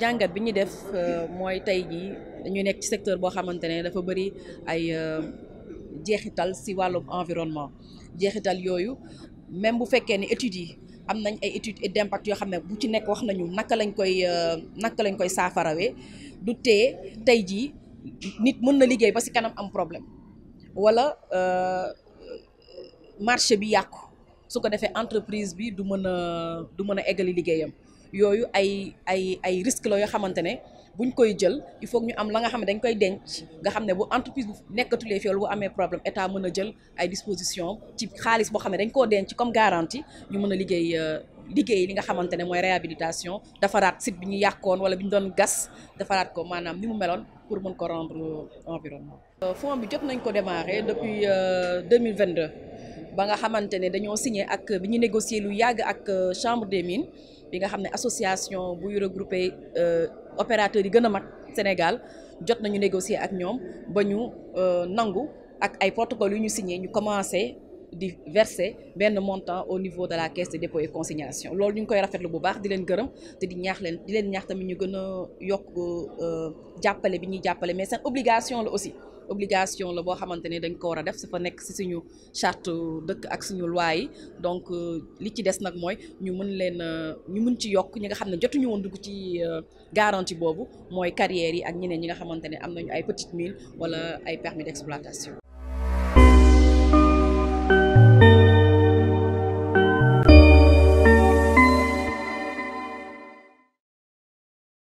njàngat biñu def euh, moy tey jii ñu nek ci secteur bo xamantene dafa bëri ay euh, jeexital ci walum environnement jeexital yoyu même bu fekkee ni étude yi am nañ ay études d'impact yo xamné bu ci nek wax nañu naka lañ koy euh, naka lañ koy safarawé du té tey jii nit mën na liggéey ba ci kanam am problème wala marché bi yàqu su ko defee entreprise bi du mëna du mëna a liggéeyam yooyu ay ay ay risque la yoo xamante buñ koy jël il faut ñu am la nga xam dañ koy denc nga xam bu entreprise bu nekkatulee fiol bu amé problème état mëna a jël ay disposition ci xaalis bo xam dañ ko denc comme garantie ñu mëna a liggéey euh, liggéey li nga xamantene moy réhabilitation dafarat site bi ñu yàqoon wala bi ñu doon gas dafarat ko manam ni mu meloon pour mën ko rendre environnement. Euh, fond bi jot nañ ko démarrer depuis 2022 euh, nous avons signé ak négocier euh, chambre des mines bi nga association euh, opérateurs du Sénégal Nous avons négocié avec nous, nous avons nangu ak protocole commencé à verser le montant au niveau de la caisse de dépôt et consignation ñu obligation aussi obligation la boo xamante ne dañ ko war a def si fa nekk si suñu charte dëkk ak suñu loi yi donc euh, li ci des nag mooy ñu mën leen euh, ñu mën ci yokk ñi nga xam ne jotuñu woon dugg ci euh, garantie boobu mooy carrière yi ak ñeneen ñi nga xamante ne am nañu ay petite mine wala ay permis d'exploitation